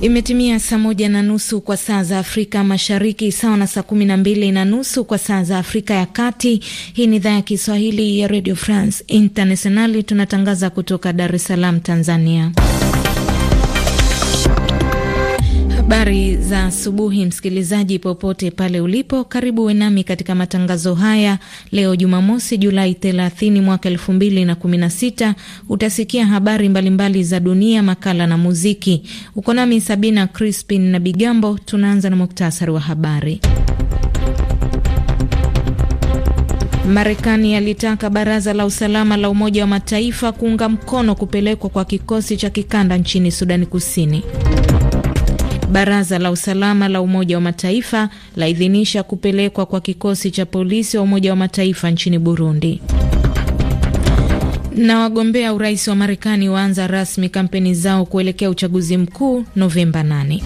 Imetimia saa moja na nusu kwa saa za Afrika Mashariki, sawa na saa kumi na mbili na nusu kwa saa za Afrika ya Kati. Hii ni idhaa ya Kiswahili ya Radio France Internationali, tunatangaza kutoka Dar es Salaam, Tanzania. Habari za asubuhi, msikilizaji popote pale ulipo, karibu wenami katika matangazo haya leo Jumamosi Julai 30 mwaka 2016. Utasikia habari mbalimbali mbali za dunia, makala na muziki. Uko nami Sabina Crispin na Bigambo. Tunaanza na muktasari wa habari. Marekani yalitaka baraza la usalama la Umoja wa Mataifa kuunga mkono kupelekwa kwa kikosi cha kikanda nchini Sudani Kusini. Baraza la Usalama la Umoja wa Mataifa laidhinisha kupelekwa kwa kikosi cha polisi wa Umoja wa Mataifa nchini Burundi. Na wagombea urais wa Marekani waanza rasmi kampeni zao kuelekea uchaguzi mkuu Novemba 8.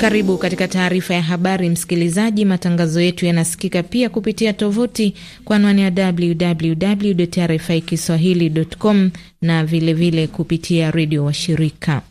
Karibu katika taarifa ya habari msikilizaji. Matangazo yetu yanasikika pia kupitia tovuti kwa anwani ya www RFI kiswahili.com na vilevile vile kupitia redio wa shirika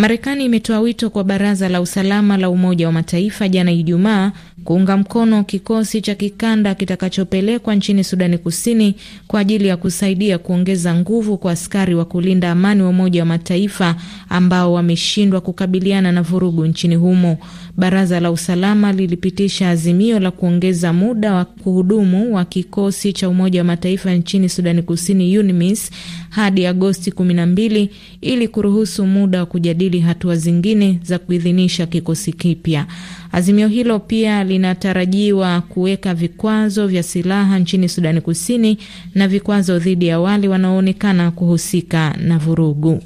Marekani imetoa wito kwa Baraza la Usalama la Umoja wa Mataifa jana Ijumaa kuunga mkono kikosi cha kikanda kitakachopelekwa nchini Sudani Kusini kwa ajili ya kusaidia kuongeza nguvu kwa askari wa kulinda amani wa Umoja wa Mataifa ambao wameshindwa kukabiliana na vurugu nchini humo. Baraza la Usalama lilipitisha azimio la kuongeza muda wa kuhudumu wa kikosi cha Umoja wa Mataifa nchini Sudani Kusini, UNMISS, hadi Agosti 12 ili kuruhusu muda wa kujadili hatua zingine za kuidhinisha kikosi kipya. Azimio hilo pia linatarajiwa kuweka vikwazo vya silaha nchini Sudani Kusini na vikwazo dhidi ya wale wanaoonekana kuhusika na vurugu.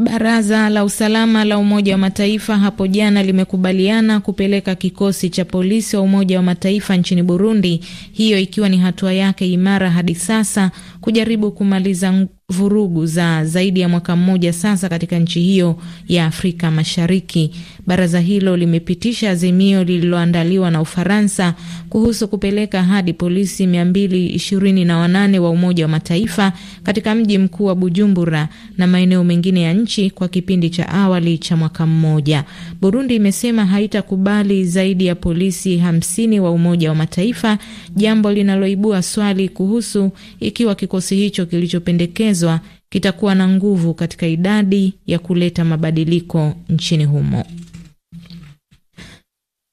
Baraza la usalama la Umoja wa Mataifa hapo jana limekubaliana kupeleka kikosi cha polisi wa Umoja wa Mataifa nchini Burundi, hiyo ikiwa ni hatua yake imara hadi sasa kujaribu kumaliza vurugu za zaidi ya mwaka mmoja sasa katika nchi hiyo ya Afrika Mashariki. Baraza hilo limepitisha azimio lililoandaliwa na Ufaransa kuhusu kupeleka hadi polisi 228 wa Umoja wa Mataifa katika mji mkuu wa Bujumbura na maeneo mengine ya nchi kwa kipindi cha awali cha mwaka mmoja. Burundi imesema haitakubali zaidi ya polisi 50 wa Umoja wa Mataifa, jambo linaloibua swali kuhusu ikiwa kikosi hicho kilichopendekezwa kinatekelezwa kitakuwa na nguvu katika idadi ya kuleta mabadiliko nchini humo.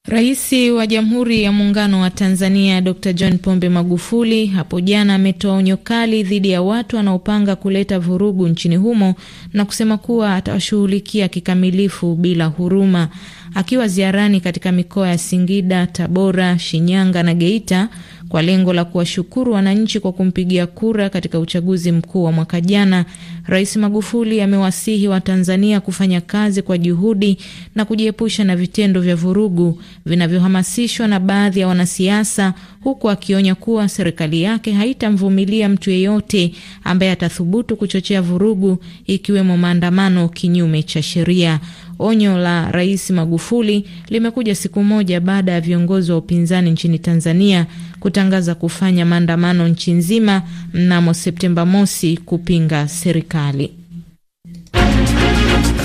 Rais wa Jamhuri ya Muungano wa Tanzania Dr John Pombe Magufuli hapo jana ametoa onyo kali dhidi ya watu wanaopanga kuleta vurugu nchini humo na kusema kuwa atawashughulikia kikamilifu bila huruma. Akiwa ziarani katika mikoa ya Singida, Tabora, Shinyanga na Geita, kwa lengo la kuwashukuru wananchi kwa kumpigia kura katika uchaguzi mkuu wa mwaka jana. Rais Magufuli amewasihi Watanzania kufanya kazi kwa juhudi na kujiepusha na vitendo vya vurugu vinavyohamasishwa na baadhi ya wanasiasa huku akionya kuwa serikali yake haitamvumilia mtu yeyote ambaye atathubutu kuchochea vurugu, ikiwemo maandamano kinyume cha sheria. Onyo la Rais Magufuli limekuja siku moja baada ya viongozi wa upinzani nchini Tanzania kutangaza kufanya maandamano nchi nzima mnamo Septemba mosi kupinga serikali.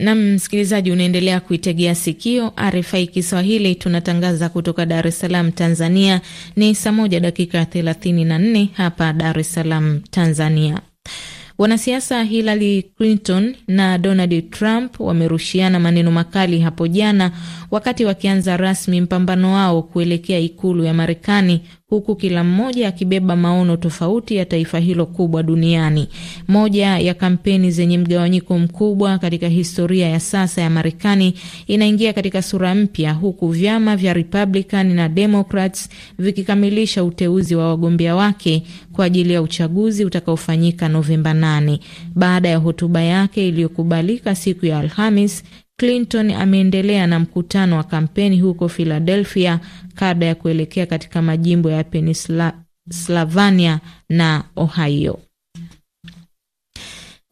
Nam msikilizaji, unaendelea kuitegea sikio RFI Kiswahili, tunatangaza kutoka Dar es Salaam, Tanzania. Ni saa moja dakika nne hapa Dar es Salaam, Tanzania. Wanasiasa Hillary Clinton na Donald Trump wamerushiana maneno makali hapo jana wakati wakianza rasmi mpambano wao kuelekea ikulu ya Marekani huku kila mmoja akibeba maono tofauti ya taifa hilo kubwa duniani. Moja ya kampeni zenye mgawanyiko mkubwa katika historia ya sasa ya Marekani inaingia katika sura mpya, huku vyama vya Republican na Democrats vikikamilisha uteuzi wa wagombea wake kwa ajili ya uchaguzi utakaofanyika Novemba 8. Baada ya hotuba yake iliyokubalika siku ya Alhamis, Clinton ameendelea na mkutano wa kampeni huko Philadelphia kabla ya kuelekea katika majimbo ya Pennsylvania na Ohio.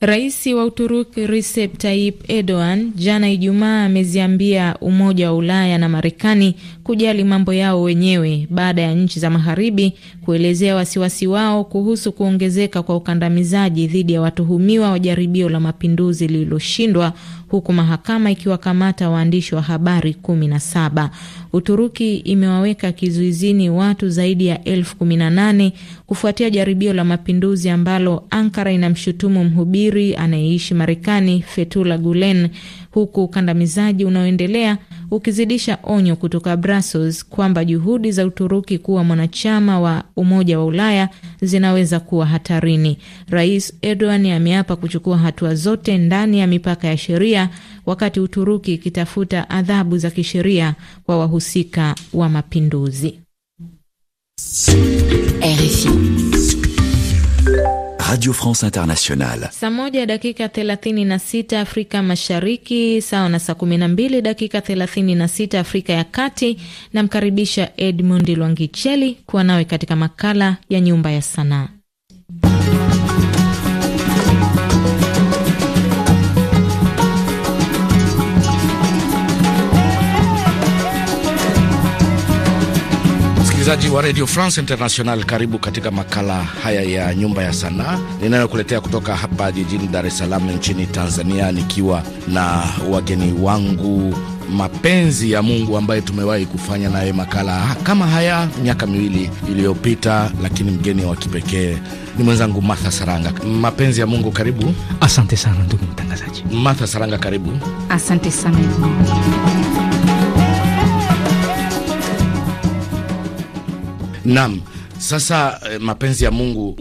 Rais wa Uturuki Recep Tayyip Erdogan jana Ijumaa ameziambia Umoja wa Ulaya na Marekani kujali mambo yao wenyewe baada ya nchi za Magharibi kuelezea wasiwasi wao kuhusu kuongezeka kwa ukandamizaji dhidi ya watuhumiwa wa jaribio la mapinduzi lililoshindwa huku mahakama ikiwakamata waandishi wa habari kumi na saba. Uturuki imewaweka kizuizini watu zaidi ya elfu kumi na nane kufuatia jaribio la mapinduzi ambalo Ankara inamshutumu mhubiri anayeishi Marekani Fethullah Gulen, huku ukandamizaji unaoendelea ukizidisha onyo kutoka Brussels kwamba juhudi za Uturuki kuwa mwanachama wa Umoja wa Ulaya zinaweza kuwa hatarini. Rais Erdogan ameapa kuchukua hatua zote ndani ya mipaka ya sheria, wakati Uturuki ikitafuta adhabu za kisheria kwa wahusika wa mapinduzi. RFI. Radio France Internationale. Saa moja dakika 36 na sita Afrika Mashariki, sawa na saa kumi na mbili dakika 36 Afrika ya Kati. Namkaribisha Edmund Lwangicheli kuwa nawe katika makala ya Nyumba ya Sanaa. Msikilizaji wa Radio France International, karibu katika makala haya ya Nyumba ya Sanaa ninayokuletea kutoka hapa jijini Dar es Salaam nchini Tanzania, nikiwa na wageni wangu mapenzi ya Mungu ambaye tumewahi kufanya naye makala kama haya miaka miwili iliyopita, lakini mgeni wa kipekee ni mwenzangu Martha Saranga. Mapenzi ya Mungu, karibu. Asante sana ndugu mtangazaji. Martha Saranga, karibu. Asante sana. Naam, sasa eh, mapenzi ya Mungu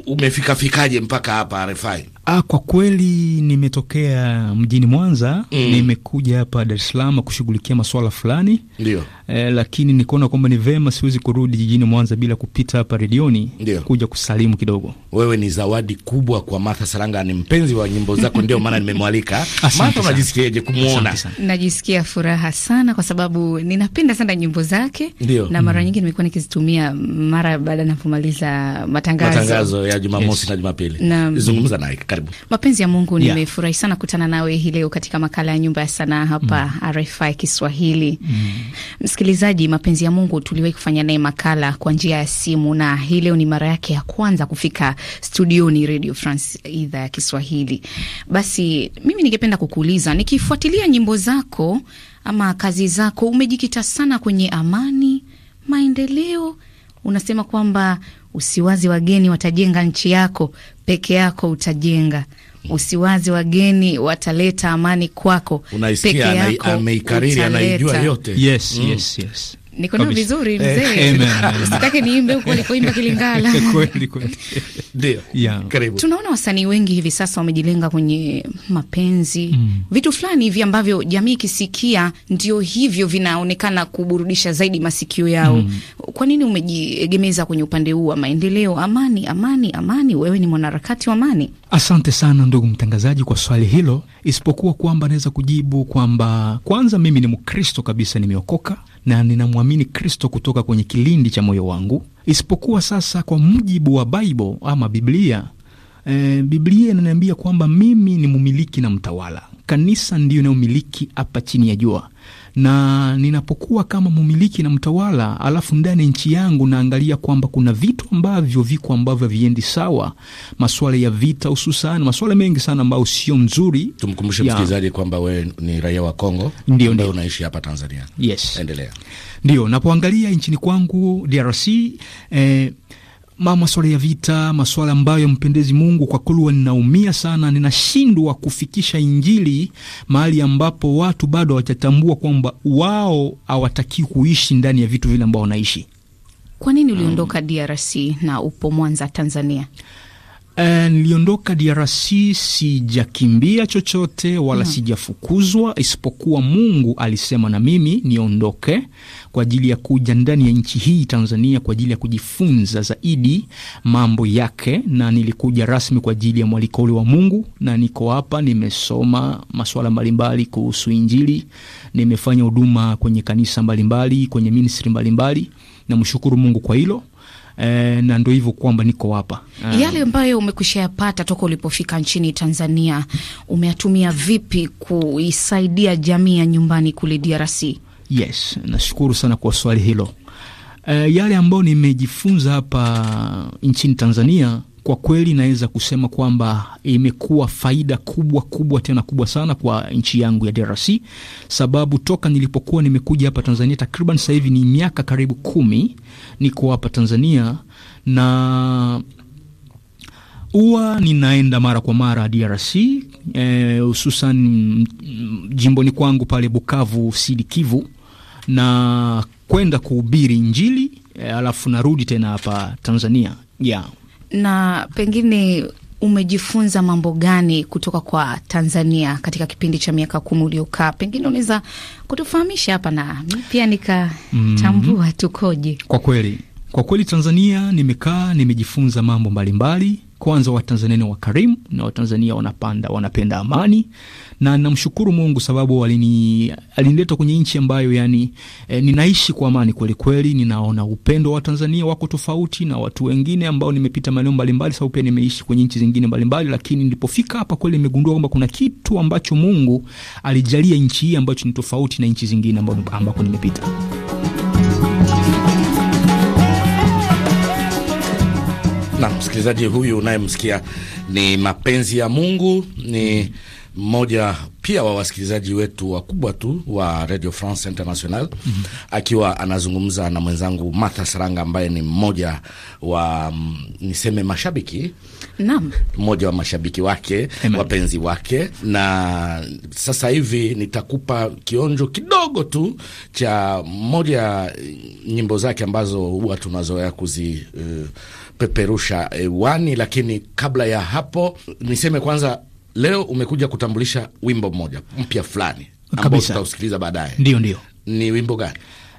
fikaje mpaka hapa RFI? Ah, kwa kweli nimetokea mjini Mwanza mm. Nimekuja hapa Dar es Salaam kushughulikia masuala fulani ndio, eh, lakini nikaona kwamba ni vema, siwezi kurudi jijini Mwanza bila kupita hapa redioni kuja kusalimu kidogo. Wewe ni zawadi kubwa kwa Martha Saranga, ni mpenzi wa nyimbo zako ndio maana nimemwalika. Martha, unajisikiaje kumwona? Najisikia furaha sana kwa sababu ninapenda sana nyimbo zake ndio, na mara mm. nyingi nimekuwa nikizitumia mara baada napomaliza matangazo, matangazo ya Jumamosi yes. na Jumapili. Zungumza naye karibu. Mapenzi ya Mungu, nimefurahi yeah, sana kukutana nawe hii leo katika makala ya Nyumba ya Sanaa hapa mm, RFI Kiswahili mm. Msikilizaji, Mapenzi ya Mungu tuliwahi kufanya naye makala kwa njia ya simu, na hii leo ni mara yake ya kwanza kufika studioni Radio France idhaa ya Kiswahili. Basi mimi ningependa kukuuliza, nikifuatilia nyimbo zako ama kazi zako, umejikita sana kwenye amani, maendeleo unasema kwamba usiwazi wageni watajenga nchi yako, peke yako utajenga. usiwazi wageni wataleta amani kwako, peke yako ameikariri, anaijua yote. Yes, mm. yes, yes niko na vizuri eh, mzee, sitaki niimbe huko alikoimba Kilingala. Kweli kweli, ndio karibu. Tunaona wasanii wengi hivi sasa wamejilenga kwenye mapenzi mm, vitu fulani hivi ambavyo jamii ikisikia ndio hivyo vinaonekana kuburudisha zaidi masikio yao mm. Kwa nini umejiegemeza kwenye upande huu wa maendeleo, amani, amani, amani? Wewe ni mwanaharakati wa amani. Asante sana ndugu mtangazaji kwa swali hilo, isipokuwa kwamba naweza kujibu kwamba kwanza mimi ni Mkristo kabisa, nimeokoka na ninamwamini Kristo kutoka kwenye kilindi cha moyo wangu, isipokuwa sasa kwa mujibu wa Bible ama Biblia. E, Biblia inaniambia kwamba mimi ni mumiliki na mtawala. Kanisa ndiyo inayomiliki hapa chini ya jua na ninapokuwa kama mumiliki na mtawala, alafu ndani ya nchi yangu naangalia kwamba kuna vitu ambavyo viko ambavyo haviendi sawa, masuala ya vita, hususan masuala mengi sana ambayo sio nzuri. Tumkumbushe msikilizaji kwamba wewe ni raia wa Kongo, ndio ndio unaishi hapa Tanzania. Yes, endelea. Ndio napoangalia nchini kwangu DRC eh, maswala ya vita, maswala ambayo mpendezi Mungu kwa kulwa, ninaumia sana, ninashindwa kufikisha Injili mahali ambapo watu bado hawajatambua kwamba wao hawatakii kuishi ndani ya vitu vile ambao wanaishi. Kwa nini uliondoka um, mm. DRC na upo Mwanza, Tanzania? Eh, niliondoka DRC sijakimbia chochote wala mm, sijafukuzwa isipokuwa Mungu alisema na mimi niondoke kwa ajili ya kuja ndani ya nchi hii Tanzania kwa ajili ya kujifunza zaidi mambo yake, na nilikuja rasmi kwa ajili ya mwaliko ule wa Mungu, na niko hapa. Nimesoma masuala mbalimbali kuhusu Injili, nimefanya huduma kwenye kanisa mbalimbali, kwenye ministri mbalimbali. Namshukuru Mungu kwa hilo. Eh, na ndo hivyo kwamba niko hapa. Ah. Yale ambayo umekushayapata toka ulipofika nchini Tanzania umeyatumia vipi kuisaidia jamii ya nyumbani kule DRC? Yes, nashukuru sana kwa swali hilo. Uh, yale ambayo nimejifunza hapa nchini Tanzania kwa kweli naweza kusema kwamba imekuwa faida kubwa kubwa tena kubwa sana kwa nchi yangu ya DRC, sababu toka nilipokuwa nimekuja hapa Tanzania takriban sasa hivi ni miaka karibu kumi niko hapa Tanzania na huwa ninaenda mara kwa mara DRC eh, hususan e, jimboni kwangu pale Bukavu Sud Kivu na kwenda kuhubiri Injili e, alafu narudi tena hapa Tanzania yeah na pengine umejifunza mambo gani kutoka kwa Tanzania katika kipindi cha miaka kumi uliokaa? Pengine unaweza kutufahamisha hapa na pia nikatambua mm -hmm. tukoje? Kwa kweli, kwa kweli Tanzania nimekaa, nimejifunza mambo mbalimbali kwanza Watanzania ni wakarimu na Watanzania wanapanda wanapenda amani, na namshukuru Mungu sababu alini alinileta kwenye nchi ambayo yani e, ninaishi kwa amani kweli kweli. Ninaona upendo wa Tanzania wako tofauti na watu wengine ambao nimepita maeneo mbalimbali, sababu pia nimeishi kwenye nchi zingine mbalimbali, lakini nilipofika hapa kweli nimegundua kwamba kuna kitu ambacho Mungu alijalia nchi hii ambacho ni tofauti na nchi zingine ambako nimepita. na msikilizaji huyu unayemsikia ni mapenzi ya Mungu, ni mmoja pia wa wasikilizaji wetu wakubwa tu wa Radio France International mm -hmm. akiwa anazungumza na mwenzangu Martha Saranga ambaye ni mmoja wa m, mm, niseme mashabiki Naam. mmoja wa mashabiki wake Amen. wapenzi wake, na sasa hivi nitakupa kionjo kidogo tu cha mmoja nyimbo zake ambazo huwa tunazoea kuzi uh, kupeperusha hewani. Lakini kabla ya hapo, niseme kwanza, leo umekuja kutambulisha wimbo mmoja mpya fulani ambao tutausikiliza baadaye. Ndio, ndio. Ni wimbo gani?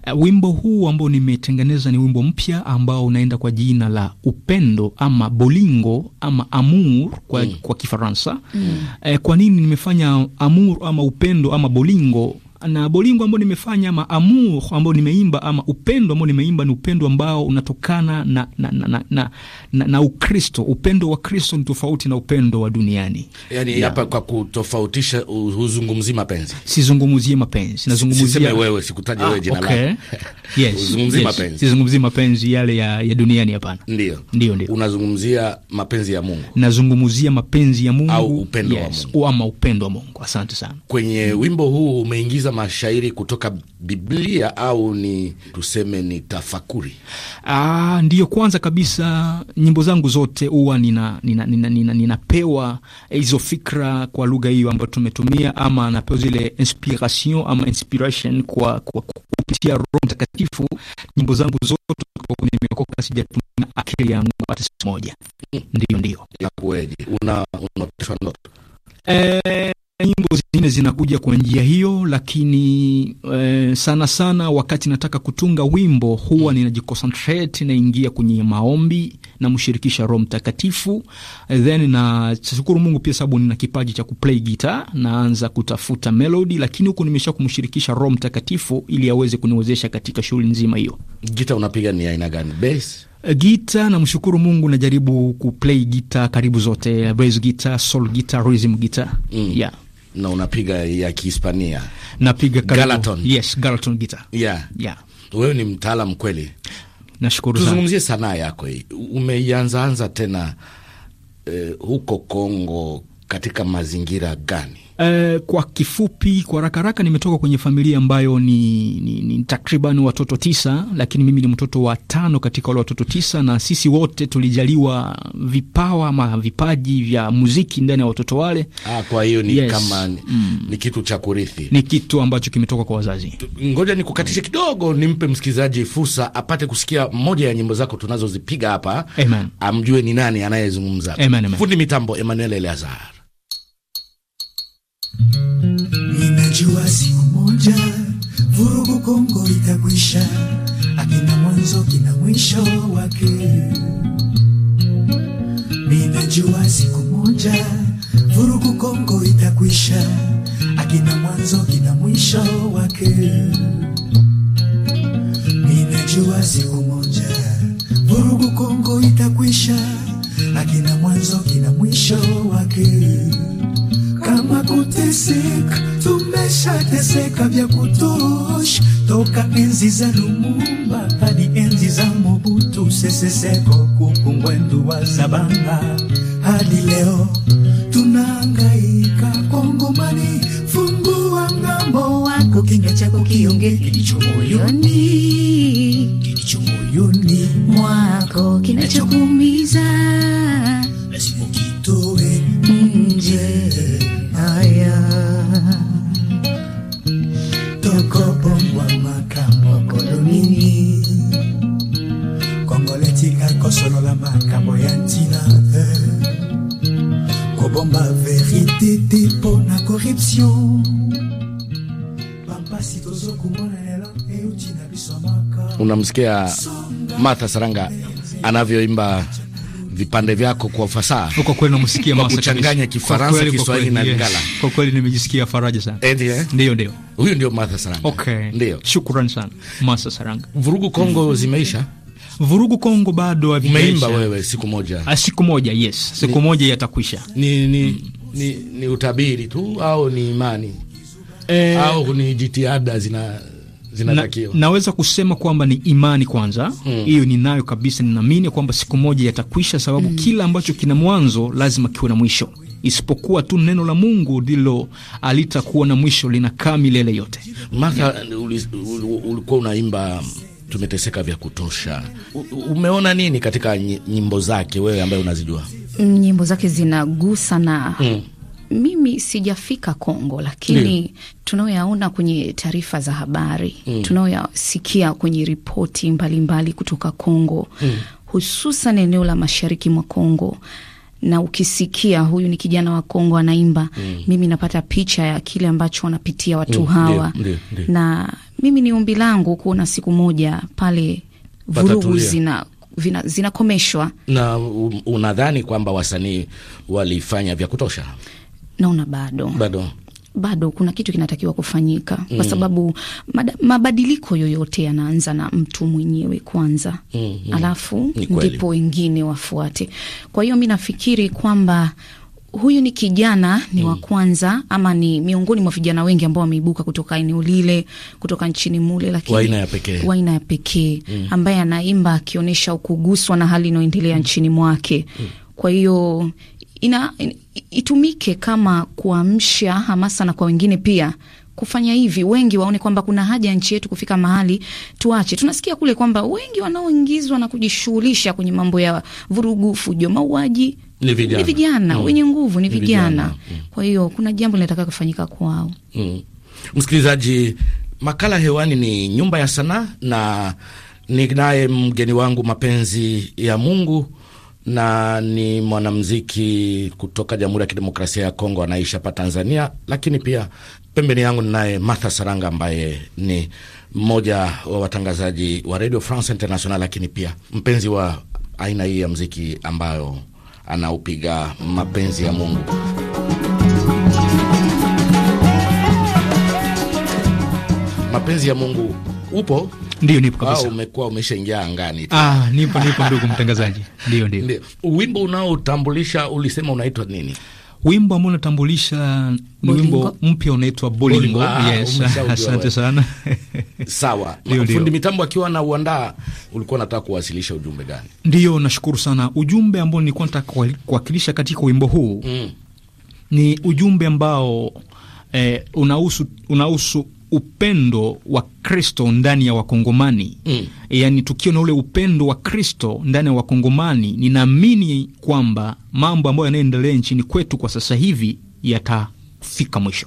Eh, wimbo huu ambao nimetengeneza ni wimbo mpya ambao unaenda kwa jina la Upendo ama Bolingo ama Amour kwa, mm. kwa Kifaransa mm. Uh, kwa nini nimefanya Amour ama Upendo ama Bolingo na bolingo ambao nimefanya ama amour ambao nimeimba ama upendo ambao nimeimba ni upendo ambao unatokana na, na, na, na, na, na, na Ukristo. Upendo wa Kristo ni tofauti na upendo wa duniani. Yani hapa kwa kutofautisha, huzungumzii mapenzi? Sizungumzie mapenzi, nazungumzia wewe, sikutaje wewe ah, jina lako. Yes, huzungumzii mapenzi? Sizungumzii mapenzi yale ya, ya duniani, hapana. Ndio, ndio, ndio. Unazungumzia mapenzi ya Mungu? Nazungumzia mapenzi ya Mungu au upendo yes, wa Mungu ama upendo wa Mungu. Asante sana. Kwenye wimbo huu umeingiza kusikiliza mashairi kutoka Biblia au ni tuseme ni tafakuri? Ah, ndiyo, kwanza kabisa nyimbo zangu zote huwa nina, nina, nina, nina, hizo fikra kwa lugha hiyo ambayo tumetumia, ama napewa zile inspiration ama inspiration kwa, kwa kupitia Roho Mtakatifu. Nyimbo zangu zote nimeokoka, sijatumia akili yangu hata siku moja. Ndiyo, ndiyo. ndoto? Eh, nyimbo zingine zinakuja kwa njia hiyo, lakini e, sana sana wakati nataka kutunga wimbo huwa mm. ninajiconcentrate, naingia kwenye maombi, namshirikisha Roho Mtakatifu, then na shukuru Mungu pia sababu nina kipaji cha kuplay guitar, naanza kutafuta melody, lakini huku nimesha kumshirikisha Roho Mtakatifu ili aweze kuniwezesha katika shughuli nzima hiyo. Gita unapiga ni aina gani? Bass? Eh, gita, namshukuru Mungu, najaribu kuplay gita karibu zote, bass gita, soul gita, rhythm gita. Mm. Yeah na unapiga ya Kihispania? Napiga Galaton. Yes, Galaton guitar. Yeah. Yeah. Wewe ni mtaalamu kweli. Nashukuru sana. Tuzungumzie sanaa yako hii. Umeianzaanza tena eh, huko Kongo katika mazingira gani? Eh, kwa kifupi, kwa raka raka, nimetoka kwenye familia ambayo ni, ni, ni takriban watoto tisa, lakini mimi ni mtoto wa tano katika wale watoto tisa, na sisi wote tulijaliwa vipawa ama vipaji vya muziki ndani ya watoto wale. Ah, kwa hiyo ni yes, kama mm, ni kitu cha kurithi, ni kitu ambacho kimetoka kwa wazazi. Ngoja nikukatishe kidogo, nimpe msikilizaji fursa apate kusikia moja ya nyimbo zako tunazozipiga hapa, amjue ni nani anayezungumza. Fundi mitambo Emmanuel Eleazar. Najua siku moja vurugu Kongo itakwisha, akina mwanzo kina mwisho wake. Minajua siku moja vurugu Kongo itakwisha, akina mwanzo kina mwisho wake. Minajua siku moja vurugu Kongo itakwisha, akina mwanzo kina mwisho wake. Kama kuteseka tu teseka vya kutosha toka enzi za Lumumba hadi enzi za Mobutu Sese Seko Kukungwendu wa Zabanga hadi leo tunahangaika. Kongomani, fungua ngambo wako, kinga chako kionge kilicho moyoni, kilicho moyoni mwako kinachokuumiza na corruption pampasi tozokumona lelo euti na biso maka. Unamsikia Martha Saranga anavyoimba vipande vyako kwa ufasaha, huko kweli namsikia Martha kuchanganya Kifaransa, Kiswahili na Lingala. Kwa kweli nimejisikia faraja sana. Eh, Ndio, eh? ndio, huyu ndio Martha Saranga. Okay, ndio, shukrani sana Martha Saranga. Vurugu Kongo mm. zimeisha vurugu Kongo bado havijaisha. Umeimba wewe siku moja? A, ah, siku moja yes, siku ni, moja yatakwisha. ni, ni, mm ni, ni utabiri tu au ni imani e, au ni jitihada zina zinatakiwa? Na, naweza kusema kwamba ni imani kwanza, hmm. hiyo mm. ninayo kabisa, ninaamini kwamba siku moja yatakwisha, sababu mm. kila ambacho kina mwanzo lazima kiwe na mwisho isipokuwa tu neno la Mungu ndilo alitakuwa na mwisho, linakaa milele yote. Maka ulikuwa unaimba tumeteseka vya kutosha. U, umeona nini katika nyimbo zake wewe ambaye unazijua? Mm, nyimbo zake zinagusa na mm. Mimi sijafika Kongo, lakini tunaoyaona kwenye taarifa za habari mm. tunaoyasikia kwenye ripoti mbalimbali kutoka Kongo mm. hususan eneo la mashariki mwa Kongo na ukisikia huyu ni kijana wa Kongo anaimba mm. mimi napata picha ya kile ambacho wanapitia watu mm, hawa ndiyo, ndiyo, ndiyo. na mimi ni ombi langu kuona siku moja pale vurugu zina zinakomeshwa. Na unadhani kwamba wasanii walifanya vya kutosha? Naona bado bado bado kuna kitu kinatakiwa kufanyika mm. kwa sababu mada, mabadiliko yoyote yanaanza na mtu mwenyewe kwanza mm, mm. alafu ndipo wengine wafuate. Kwa hiyo mi nafikiri kwamba huyu ni kijana ni mm. wa kwanza ama ni miongoni mwa vijana wengi ambao wameibuka kutoka eneo lile kutoka nchini mule, lakini ya pekee ya pekee mm. ambaye anaimba akionyesha ukuguswa na hali inayoendelea mm. nchini mwake mm. kwa hiyo ina, itumike kama kuamsha hamasa na kwa wengine pia kufanya hivi, wengi waone kwamba kuna haja ya nchi yetu kufika mahali tuache. Tunasikia kule kwamba wengi wanaoingizwa na kujishughulisha kwenye mambo ya vurugu, fujo, mauaji ni vijana, ni vijana mm. wenye nguvu ni vijana, vijana. Mm. Kwa hiyo kuna jambo linataka kufanyika kwao mm. Msikilizaji, makala hewani ni nyumba ya sanaa na ninaye mgeni wangu mapenzi ya Mungu na ni mwanamuziki kutoka Jamhuri ya Kidemokrasia ya Kongo, anaishi hapa Tanzania, lakini pia pembeni yangu ninaye Martha Saranga ambaye ni mmoja wa watangazaji wa Radio France International, lakini pia mpenzi wa aina hii ya muziki ambayo anaupiga mapenzi ya Mungu. Mapenzi ya Mungu upo? Ndio, nipo kabisa. Umekuwa umeshaingia angani? Ah, nipo nipo, ndugu mtangazaji. Ndio, ndio. Wimbo unaotambulisha ulisema unaitwa nini? Wimbo ambao unatambulisha ni wimbo mpya unaitwa Bolingo. Ah, yes, asante sana sawa. Fundi mitambo akiwa na uandaa, ulikuwa nataka kuwasilisha ujumbe gani? Ndiyo, nashukuru sana. Ujumbe ambao nilikuwa nataka kuwakilisha katika wimbo huu mm. ni ujumbe ambao eh, unahusu unahusu upendo wa Kristo ndani ya Wakongomani mm. Yani, tukiwa na ule upendo wa Kristo ndani ya Wakongomani, ninaamini kwamba mambo ambayo yanayoendelea nchini kwetu kwa sasa hivi yatafika mwisho.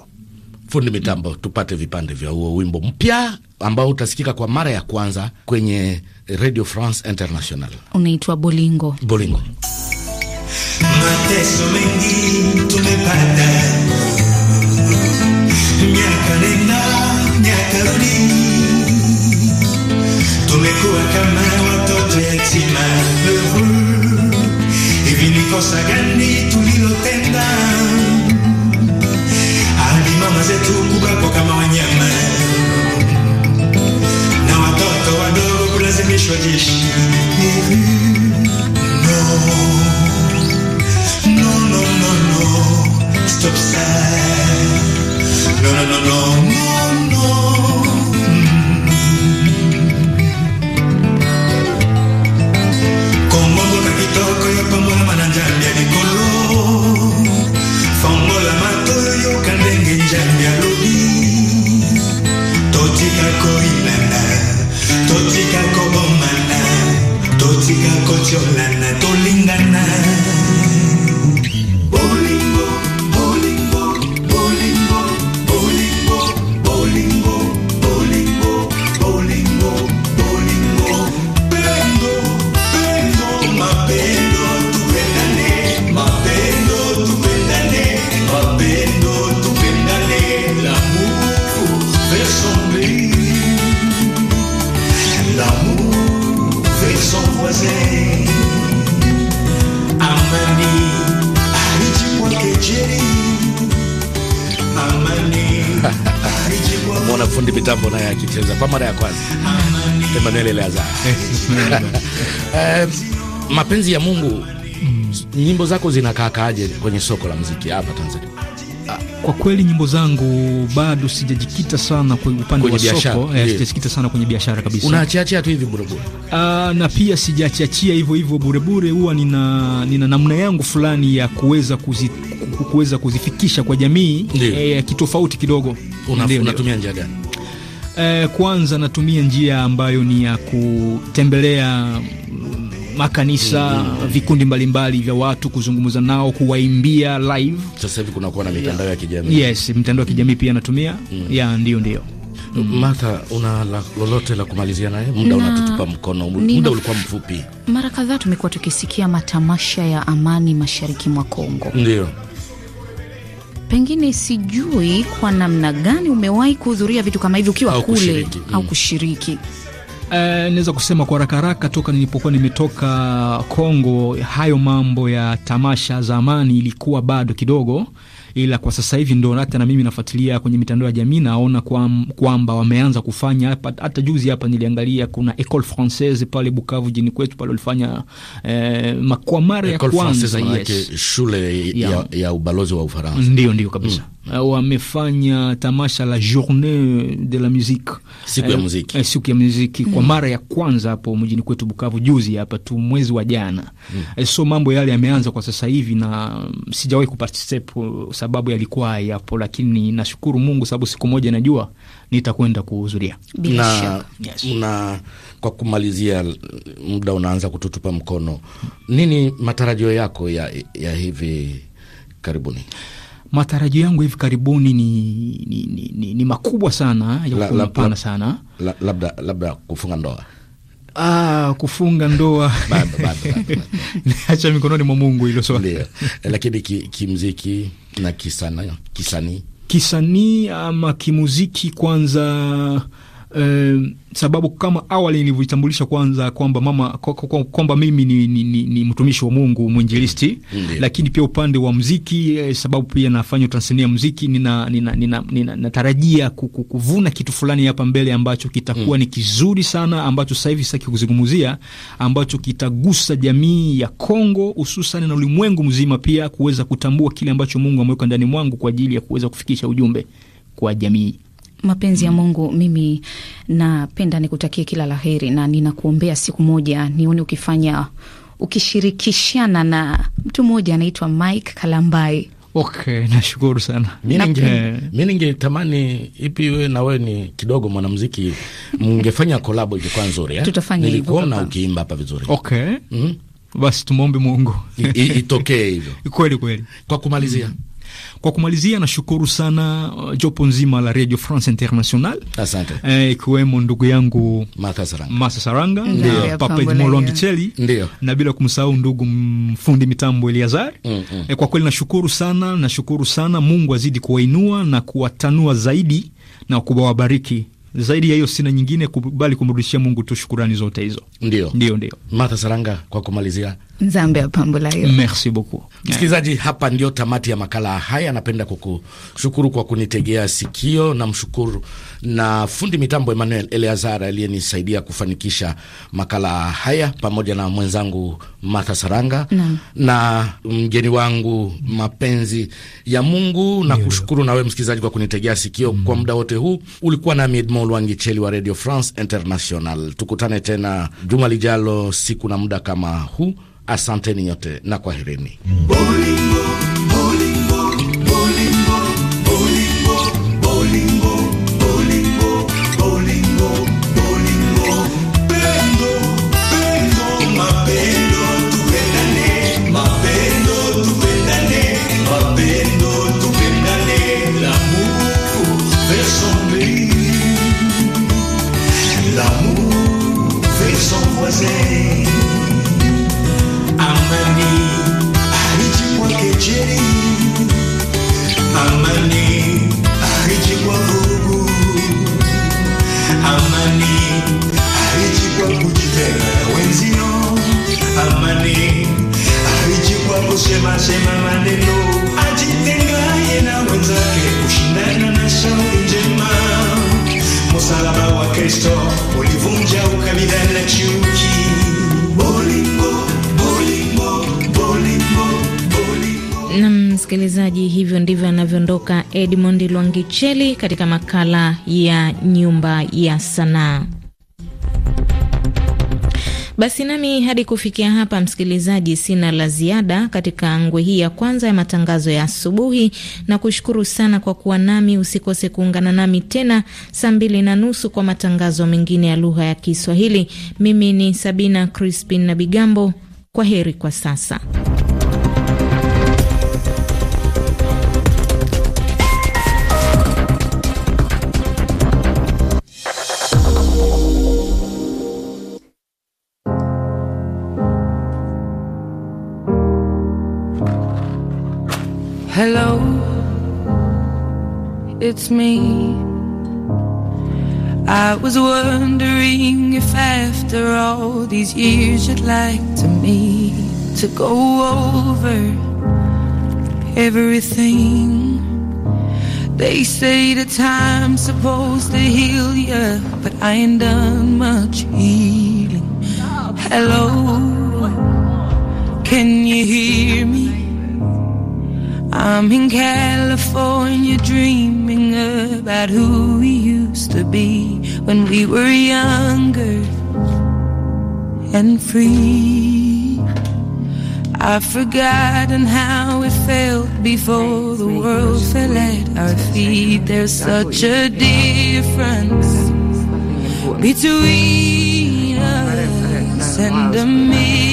Fundi mitambo mm. tupate vipande vya huo wimbo mpya ambao utasikika kwa mara ya kwanza kwenye Radio France International, unaitwa Bolingo. Bolingo. Mateso mengi tumepata kuweka watoto yatima huru. stop ça. No, no, no, no, no, mapenzi ya Mungu mm. Nyimbo zako zinakaakaaje kwenye soko la muziki hapa Tanzania? Ah, kwa kweli nyimbo zangu bado sijajikita sana kwa upande wa soko, eh, sijajikita sana kwenye biashara kabisa. Unaachiachia tu hivi burebure? Uh, ah, na pia sijaachiachia hivyo hivyo burebure huwa nina nina namna yangu fulani ya kuweza kuzi, kuweza kuzifikisha kwa jamii eh, kitofauti kidogo. Unatumia njia gani? Eh, kwanza natumia njia ambayo ni ya kutembelea makanisa, vikundi mbalimbali vya watu kuzungumza nao, kuwaimbia live. Sasa hivi kunakuwa na mitandao ya kijamii. Yes, mitandao ya kijamii pia natumia. Mm. Ya, ndio ndio. Mm. Martha, una la, lolote la kumalizia naye? Muda unatutupa mkono, muda ulikuwa mfupi. Mara kadhaa tumekuwa tukisikia matamasha ya amani mashariki mwa Kongo, ndio pengine, sijui kwa namna gani umewahi kuhudhuria vitu kama hivi ukiwa au kule kushiriki, au mm. kushiriki mm. Eh, naweza kusema kwa haraka haraka toka nilipokuwa nimetoka Kongo, hayo mambo ya tamasha zamani ilikuwa bado kidogo, ila kwa sasa hivi ndo hata na mimi nafuatilia kwenye mitandao ya jamii, naona kwamba wameanza kufanya hapa. Hata juzi hapa niliangalia kuna Ecole Francaise pale Bukavu jini kwetu pale walifanya eh, kwa mara ya kwanza, yes. Shule ya, ya, ya ubalozi wa Ufaransa, ndio ndio kabisa mm wamefanya euh, tamasha la Journee de la Musique, siku ya euh, muziki, eh, siku ya muziki mm. kwa mara ya kwanza hapo mjini kwetu Bukavu juzi hapa tu mwezi wa jana mm. eh, so mambo yale yameanza kwa sasa hivi na mm, sijawahi kuparticipate uh, sababu yalikuwa hayapo, lakini nashukuru Mungu sababu siku moja najua nitakwenda kuhudhuria na, yes. na kwa kumalizia, muda unaanza kututupa mkono, nini matarajio yako ya, ya hivi karibuni? matarajio yangu hivi karibuni ni, ni, ni, ni, ni makubwa sana ya la, mapana la, sana la, labda labda kufunga ndoa Ah, kufunga ndoa acha mikononi mwa Mungu hilo swala. Eh, lakini kimziki ki na kisanii kisanii kisanii ama kimuziki kwanza eh, sababu kama awali nilivyoitambulisha kwanza kwamba mama kwamba mimi ni, ni, ni, ni mtumishi wa Mungu mwinjilisti, lakini pia upande wa muziki eh, sababu pia nafanya Tanzania muziki, nina nina, nina, nina natarajia kuvuna kitu fulani hapa mbele ambacho kitakuwa mm. ni kizuri sana ambacho sasa hivi sitaki kuzungumzia, ambacho kitagusa jamii ya Kongo hususan na ulimwengu mzima pia kuweza kutambua kile ambacho Mungu ameweka ndani mwangu kwa ajili ya kuweza kufikisha ujumbe kwa jamii mapenzi ya Mungu, mimi napenda nikutakie kila laheri na ninakuombea siku moja nione ukifanya ukishirikishana na mtu mmoja anaitwa Mike Kalambai. Okay, nashukuru sana. Mi eh. ningetamani ipi we na wewe ni kidogo mwanamuziki, mngefanya kolabo ingekuwa nzuri eh? Tutafanya hivyo. Nilikuona ukiimba hapa vizuri. Okay. Mm? Basi tumwombe Mungu itokee hivyo kweli kweli. Kwa kumalizia mm. Kwa kumalizia, nashukuru sana uh, jopo nzima la Radio France International, asante eh, ikiwemo ndugu yangu Masa Saranga, ndio Papa Edmond ndio na bila kumsahau ndugu mfundi mitambo Eliazar. mm -mm. Eh, kwa kweli nashukuru sana, nashukuru sana. Mungu azidi kuwainua na kuwatanua zaidi na kuwabariki zaidi ya hiyo sina nyingine, kubali kumrudishia Mungu tu shukurani zote hizo. Ndio, ndio, ndio. Martha Saranga, kwa kumalizia, Nzambe ya Pambula hiyo. Merci beaucoup msikilizaji. Hapa ndio tamati ya makala haya. Napenda kukushukuru kwa kunitegea sikio na mshukuru na fundi mitambo Emmanuel Eleazar aliyenisaidia kufanikisha makala haya pamoja na mwenzangu Martha Saranga na, na mgeni wangu mapenzi ya Mungu na kushukuru nawe msikilizaji kwa kunitegea sikio mm. kwa muda wote huu ulikuwa nami Edmond Lwangicheli wa Radio France International. Tukutane tena juma lijalo, siku na muda kama huu. Asanteni nyote na kwaherini. mm. Kristo ulivunja ukabila na chuki. Bolingo, msikilizaji, hivyo ndivyo anavyoondoka Edmond Lwangicheli katika makala ya Nyumba ya Sanaa. Basi nami hadi kufikia hapa, msikilizaji, sina la ziada katika ngwe hii ya kwanza ya matangazo ya asubuhi, na kushukuru sana kwa kuwa nami. Usikose kuungana nami tena saa mbili na nusu kwa matangazo mengine ya lugha ya Kiswahili. Mimi ni Sabina Crispin na Bigambo. Kwa heri kwa sasa. it's me. I was wondering if after all these years you'd like to me to go over everything. They say the time's supposed to heal you, but I ain't done much healing. Hello, can you hear me? I'm in California dreaming about who we used to be when we were younger and free. I've forgotten how it felt before the world fell at our feet. There's such a difference between us and a million.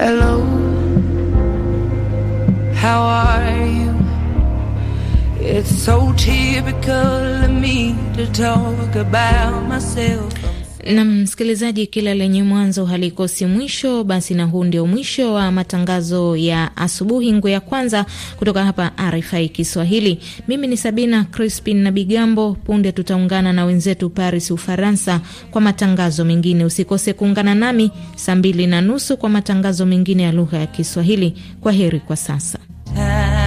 Hello, how are you? It's so typical of me to talk about myself. nam msikilizaji, kila lenye mwanzo halikosi mwisho. Basi na huu ndio mwisho wa matangazo ya asubuhi ngu ya kwanza kutoka hapa RFI Kiswahili. Mimi ni Sabina Crispin na Bigambo. Punde tutaungana na wenzetu Paris, Ufaransa, kwa matangazo mengine. Usikose kuungana nami saa mbili na nusu kwa matangazo mengine ya lugha ya Kiswahili. Kwa heri kwa sasa.